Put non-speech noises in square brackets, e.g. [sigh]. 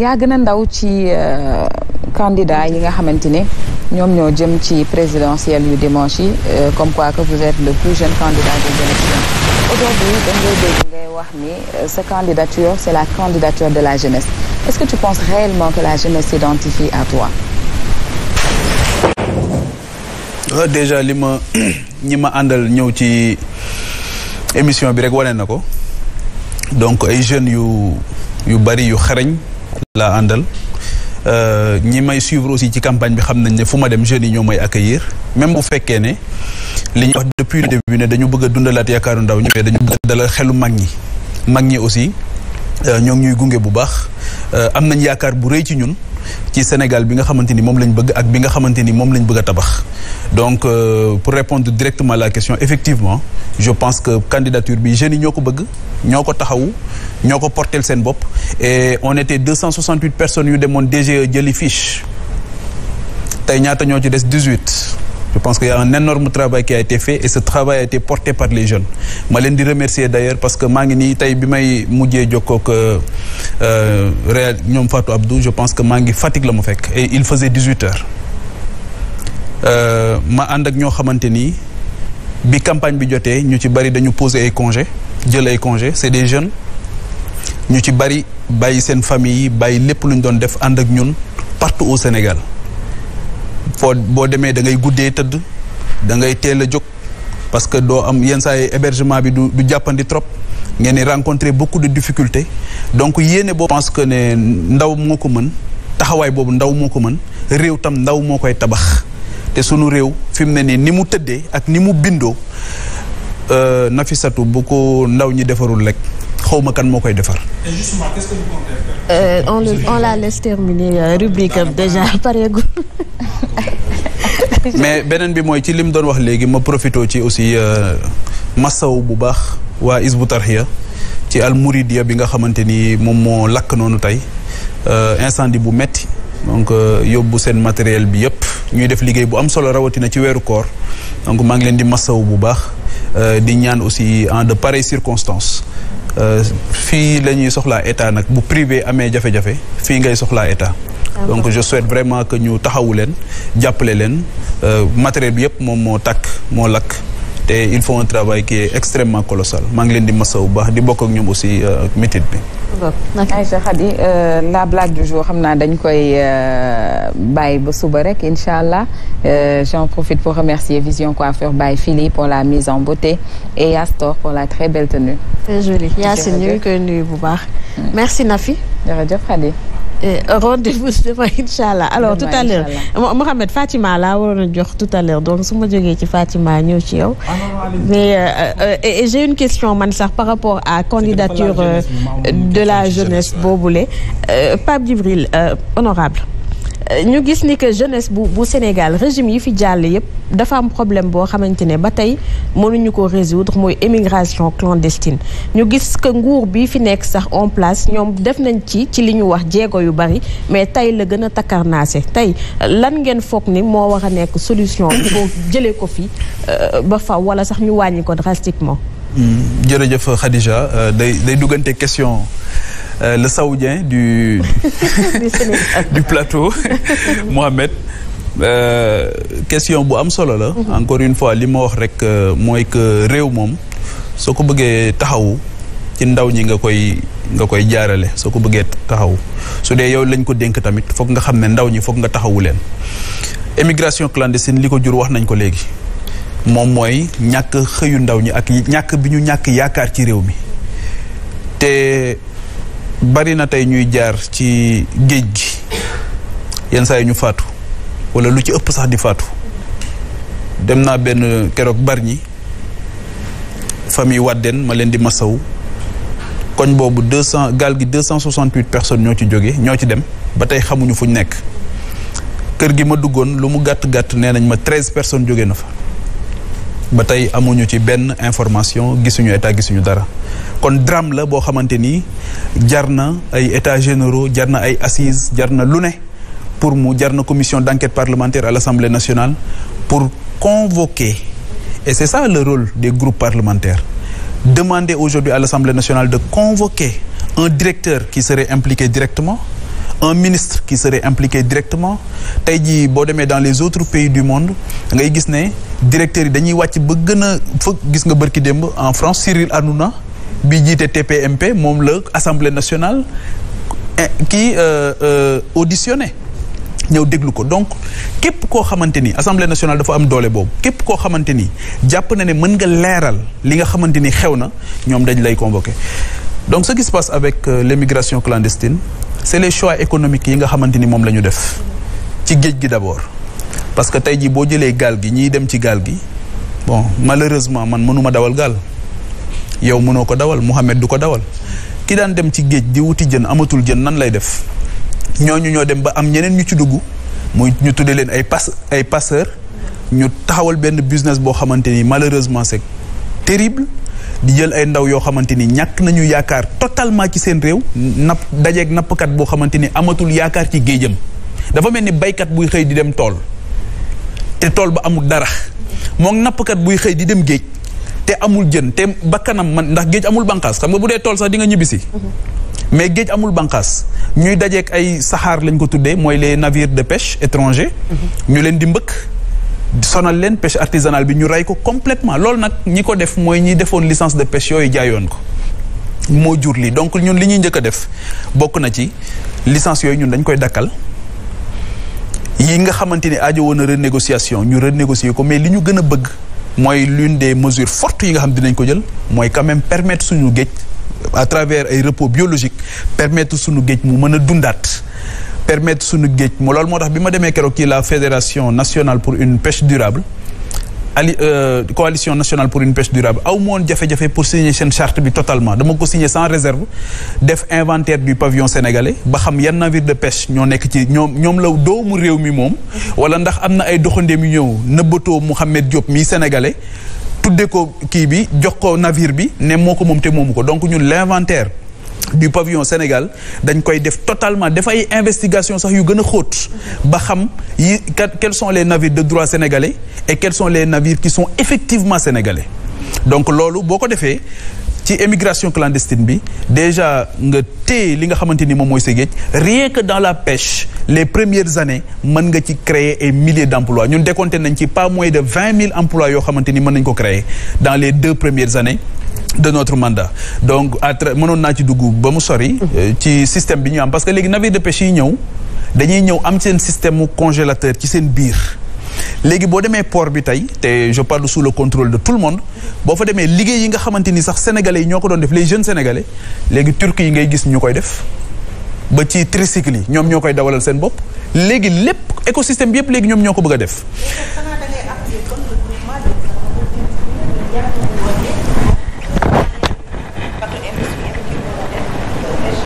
yaa gën a ndaw ci euh, candidat yi nga xamante ne ñoom ñoo jëm ci présidentielle yu dimanche yi euh, comme quoi que vous êtes le plus jeune candidat des élections aujourd'hui dañ ngay dégg ngay wax ni euh, sa candidature c'est la candidature de la jeunesse est-ce que tu penses réellement que la jeunesse s'identifie à toi déjà li ma [clears throat] ñi ma àndal ñëw ci émission bi rek wane na ko donc ay jeunes yu yu bari yu xarañ laa àndal euh, ñi may suivre aussi ci campagne bi xam nañ ne fu ma dem jeunes yi ñoo may accueillir même bu fekkee ne li ñu wax depuis le début ne dañu bëgg dundalaat yaakaaru ndaw ñi mais dañu bëgg dalal xelu mag ñi mag ñi aussi euh, ñoo ñuy gunge bu baax euh, am nañ yaakaar bu rëy ci ñun ci Sénégal bi nga xamante ni moom lañ bëgg ak bi nga xamante ni moom lañ bëgg a tabax donc euh, pour répondre directement la question effectivement je pense que candidature bi jeunes yi ñoo ko bëgg ñoo ko taxaw ñoo ko porteel seen bopp et on était 268 personnes yu demoon DGE jëli fiche tey ñaata ñoo ci des dix 18 Je pense que y a un énorme travail qui a été fait et ce travail a été porté par les jeunes. ma leen di remercier d'ailleurs parce que maa ngi nii tey bi may mujjee jokkook euh, euh, réel ñoom Fatou Abdou je pense que maa ngi Fatick la mu fekk et il faisait dix-huit heures euh, ma ànd ak ñoo xamante nii bi campagne bi jotee ñu ci bari dañu poser ay congé jël ay congé c'est des jeunes ñu ci bari bàyyi seen famille yi bàyyi lépp lu ñu doon def ànd ak ñun partout au Sénégal foo boo demee da ngay guddee tëdd da ngay teel a jóg parce que doo am yenn saa yi hébergement bi du du jàppandi trop ngeen ni rencontrer beaucoup de difficultés donc yéene boo pense que ne ndaw moo ko mën taxawaay boobu ndaw moo ko mën réew tam ndaw moo koy tabax te sunu réew fi mu ne nii ni mu tëddee ak ni mu bindoo euh, Nafissatou bu ko ndaw ñi defarul rek xaw ma kan moo koy defar. et justement qu'est-ce que euh, euh, rubrique am déjà [laughs] pareegul. [laughs] mais beneen bi mooy ci li mu doon wax léegi ma profito ci aussi euh, massaw bu baax waa Isbu Tarxiya ci al Mouridia bi nga xamante ni moom moo lakk noonu tey euh, incendie bu metti donc euh, yóbbu seen matériel bi yëpp ñuy def liggéey bu am solo rawatina ci weeru koor donc maa ngi leen di massaw bu baax di ñaan aussi en de pareilles circonstances fii la ñuy soxlaa état nag bu privé amee jafe-jafe fii ngay soxlaa état Ah, donc je souhaite vraiment que ñu taxawu leen jàppale leen euh, matériel bi yëpp moom moo takk moo lakk te il font un travail qui extrêmement colossal maa ngi leen di massa bu baax di bokk ak ñoom aussi euh, métit bi Aïcha Khady euh, la blague du jour xam naa dañ koy bàyyi ba suba rek incha allah j'en profite pour remercier Vision Coiffure by Philly pour la mise en beauté et Astor pour la très belle tenue. très jolie Yacine ñu koy nuyu bu baax. merci Nafi. jërëjëf Euh, rendez [laughs] demain incha allah alors tout à l'heure Mouhamed Fatima laa waroon a jox tout à l'heure donc su ma jógee ci Fatima ñëw ci yow ah, mais euh, euh, et j'ai une question man sax par rapport à candidature de la jeunesse boobule Pape Djibril honorable ñu gis ni que jeunesse bu bu Sénégal régime yi fi jàll yëpp dafa am problème boo xamante ne ba tey mënuñu ko résoudre mooy émigration clandestine ñu gis que nguur bi fi nekk sax en place ñoom def nañ ci ci li ñu wax jéego yu bari mais tey la gën a takkarnaase tey lan ngeen foog ni moo wax a nekk solution boo jëlee ko fi euh, ba fa wala sax ñu wàññi ko drastiquement hmm, jërëjëf Khadija euh, day day duggante question euh, le saoudien du [laughs] [laughs] du plateau [laughs] Mohamed euh, question bu am solo la. Mhm. encore une fois li ma wax rek euh, mooy que réew moom soo ko bëggee taxawu ci ndaw ñi nga koy nga koy jaarale soo ko bëggee taxawu su dee yow lañ ko dénk tamit foog nga xam ne ndaw ñi foog nga taxawu leen. émigration clandestine li ko jur wax nañ ko léegi. moom mooy ñàkk xëyu ndaw ñi ak ñàkk bi ñu ñàkk yaakaar ci réew mi te bari na tey ñuy jaar ci géej gi yenn saa yi ñu faatu wala lu ci ëpp sax di faatu dem naa benn keroog bari ñi famille Wadden ma leen di masaw koñ boobu deux cent gaal gi deux cent soixante huit personnes ñoo ci jóge ñoo ci dem ba tey xamuñu fu ñu nekk kër gi ma duggoon lu mu gàtt gàtt nee nañ ma treize personnes jóge na fa. ba tey amuñu ci benn information gisuñu état gisuñu dara kon drame la boo xamante ni jar na ay états généraux jar na ay assises jar na lu ne pour mu jar na commission d'enquête parlementaire à l'Assemblée nationale pour convoquer et c'est ça le rôle des groupes parlementaires demander aujourd'hui à l'Assemblée nationale de convoquer un directeur qui serait impliqué directement un ministre qui serait impliqué directement tey jii boo demee dans les autres pays du monde ngay gis ne directeurs yi dañuy wàcc ba gën a fa gis nga bërki démb en France Cyril Hanouna bi jiite TPMP moom la assemblée nationale eh, kii euh, euh, auditionné ñëw déglu ko donc képp koo xamante ni assemblée nationale dafa am doole boobu képp koo xamante ni jàpp na ne mën nga leeral li nga xamante ni xew na ñoom dañ lay convoqué donc ce qui se passe avec euh, l'immigration clandestine c' est les choix économiques yi nga xamante ni moom lañu def ci géej gi d' abord parce que tey jii boo jëlee gaal gi ñiy dem ci gaal gi bon malheureusement man mënuma dawal gaal yow mënoo ko dawal Mouhamed du ko dawal ki daan dem ci géej di wuti jën amatul jën nan lay def ñooñu ñoo dem ba am ñeneen ñu ci dugg muy ñu tuddee leen ay pass ay passeur ñu taxawal benn business boo xamante ni malheureusement c' est terrible di jël ay ndaw yoo xamante ni ñàkk nañu yaakaar totalement ci seen réew napp dajeek nappkat boo xamante ni amatul yaakaar ci géejam dafa mel ni baykat buy xëy di dem tool te tool ba amul dara moom nappkat buy xëy di dem géej te amul jën te bakkanam man ndax géej amul bànqaas xam nga bu dee tool sax di nga ñibbisi mm-hmm. mais géej amul banqaas ñuy dajeek ay saxaar lañ ko tuddee mooy les navires de pêche étrangers mm-hmm. ñu leen di mbëkk sonal leen pêche artisanale bi ñu rey ko complètement loolu nag ñi ko def mooy ñi defoon licence de pêche yooyu jaayoon ko moo jur lii donc ñun li ñuy njëkk a def bokk na ci licence yooyu ñun dañ koy dakkal yi nga xamante ni aajo woon na renégociation ñu renégocier ko mais li ñu gën a bëgg mooy l'une de mesure fortes yi nga xam dinañ ko jël mooy quand même permettre suñu géej à travers ay repos biologique permettre suñu géej mu mën a dundaat permettre suñu géej mu loolu moo tax bi ma demee keroog kii la fédération nationale pour une pêche durable ali euh, coalition nationale pour une pêche durable aw moon jafe-jafe pour signer seen charte bi totalement dama ko signer sans réserve def inventaire du pavillon sénégalais ba xam yan navire de pêche ñoo nekk ci ñoom ñoom la doomu réew mi moom wala ndax am na ay doxandeem yu ñëw nëbbatoo Mouhamed Diop mi sénégalais tudde ko kii bi jox ko navire bi ne moo ko moom te moomu ko donc ñun l'inventaire du pavillon Sénégal dañ koy def totalement def ay investigation sax yu gën a xóot ba xam yi quels sont les navires de droit sénégalais et quels les navires qui sont effectivement sénégalais donc loolu boo ko defee ci émigration clandestine bi déjà nga téye li nga xamante ni moom mooy sa géej rien que dans la pêche les premières années mën nga ci créer ay milliers d'emplois ñun décompté nañ ci pas moins de vingt mille emplois yoo xamante ni mën nañ ko créer dans les deux premières années de notre mandat donc à mënoon naa ci dugg ba mu sori. Mhm. Euh, ci système bi ñu am parce que léegi navire de pêche yi ñëw dañuy ñëw am seen système mu congélateur ci seen biir. léegi boo demee port bi tey te je parle sous le contrôle de tout le monde boo fa demee liggéey yi nga xamante ni sax sénégalais yi ñoo ko doon def les jeunes sénégalais léegi turcs yi ngay gis ñu koy def ba ci tricycle yi ñoom ñoo koy dawalal seen bopp léegi lépp écosystème bi yëpp léegi ñoom ñoo ko bëgg def.